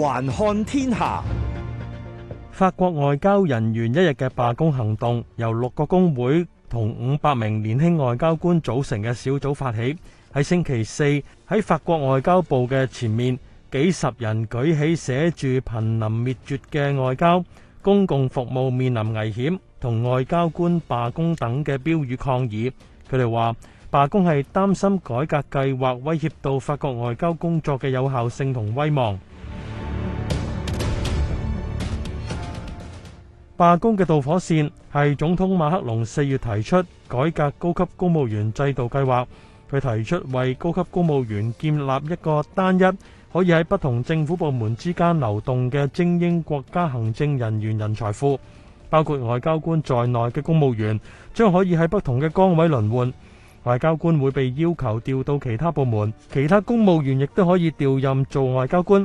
環看天下，法國外交人員一日嘅罷工行動由六個工會同五百名年輕外交官組成嘅小組發起。喺星期四，喺法國外交部嘅前面，幾十人舉起寫住“瀕臨滅絕嘅外交公共服務面臨危險”同“外交官罷工”等嘅標語抗議。佢哋話罷工係擔心改革計劃威脅到法國外交工作嘅有效性同威望。罷工嘅導火線係總統馬克龍四月提出改革高級公務員制度計劃。佢提出為高級公務員建立一個單一可以喺不同政府部門之間流動嘅精英國家行政人員人才庫，包括外交官在內嘅公務員將可以喺不同嘅崗位輪換。外交官會被要求調到其他部門，其他公務員亦都可以調任做外交官。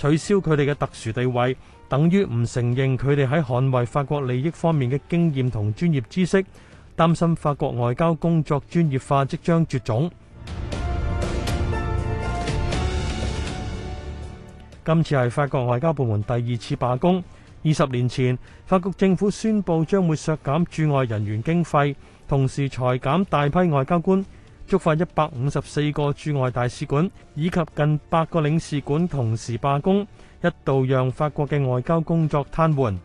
取消佢哋嘅特殊地位，等於唔承認佢哋喺捍衛法國利益方面嘅經驗同專業知識，擔心法國外交工作專業化即將絕種。 今次係法國外交部門第二次罷工。二十年前，法國政府宣布將會削減駐外人員經費，同時裁減大批外交官。觸發一百五十四個駐外大使館以及近八個領事館同時罷工，一度讓法國嘅外交工作癱瘓。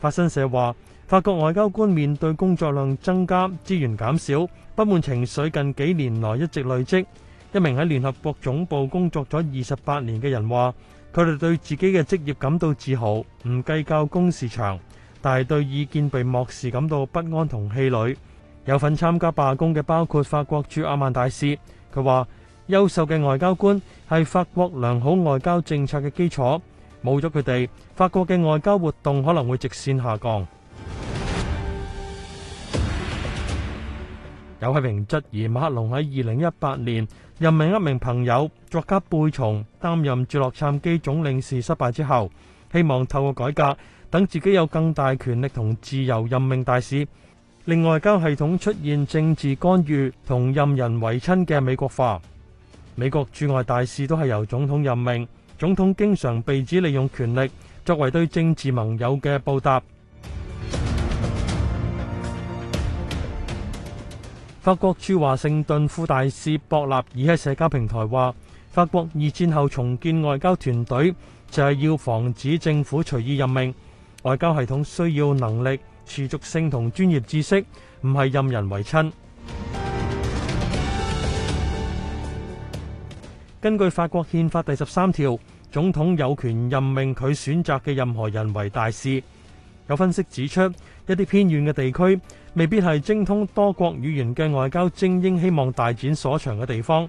法新社話，法國外交官面對工作量增加、資源減少、不滿情緒近幾年來一直累積。一名喺聯合國總部工作咗二十八年嘅人話，佢哋對自己嘅職業感到自豪，唔計較工時長。但係對意見被漠視感到不安同氣餒。有份參加罷工嘅包括法國駐阿曼大使，佢話優秀嘅外交官係法國良好外交政策嘅基礎，冇咗佢哋，法國嘅外交活動可能會直線下降。有批評質疑，馬克龍喺二零一八年任命一名朋友、作家貝松擔任駐洛杉磯總領事失敗之後。希望透過改革，等自己有更大權力同自由任命大使，令外交系統出現政治干預同任人唯親嘅美國化。美國駐外大使都係由總統任命，總統經常被指利用權力作為對政治盟友嘅報答。法國駐華盛頓副大使博納爾喺社交平台話：法國二戰後重建外交團隊。就係要防止政府隨意任命，外交系統需要能力、持續性同專業知識，唔係任人為親。 根據法國憲法第十三條，總統有權任命佢選擇嘅任何人為大使。有分析指出，一啲偏遠嘅地區未必係精通多國語言嘅外交精英希望大展所長嘅地方。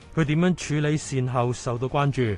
佢點樣處理善後受到關注。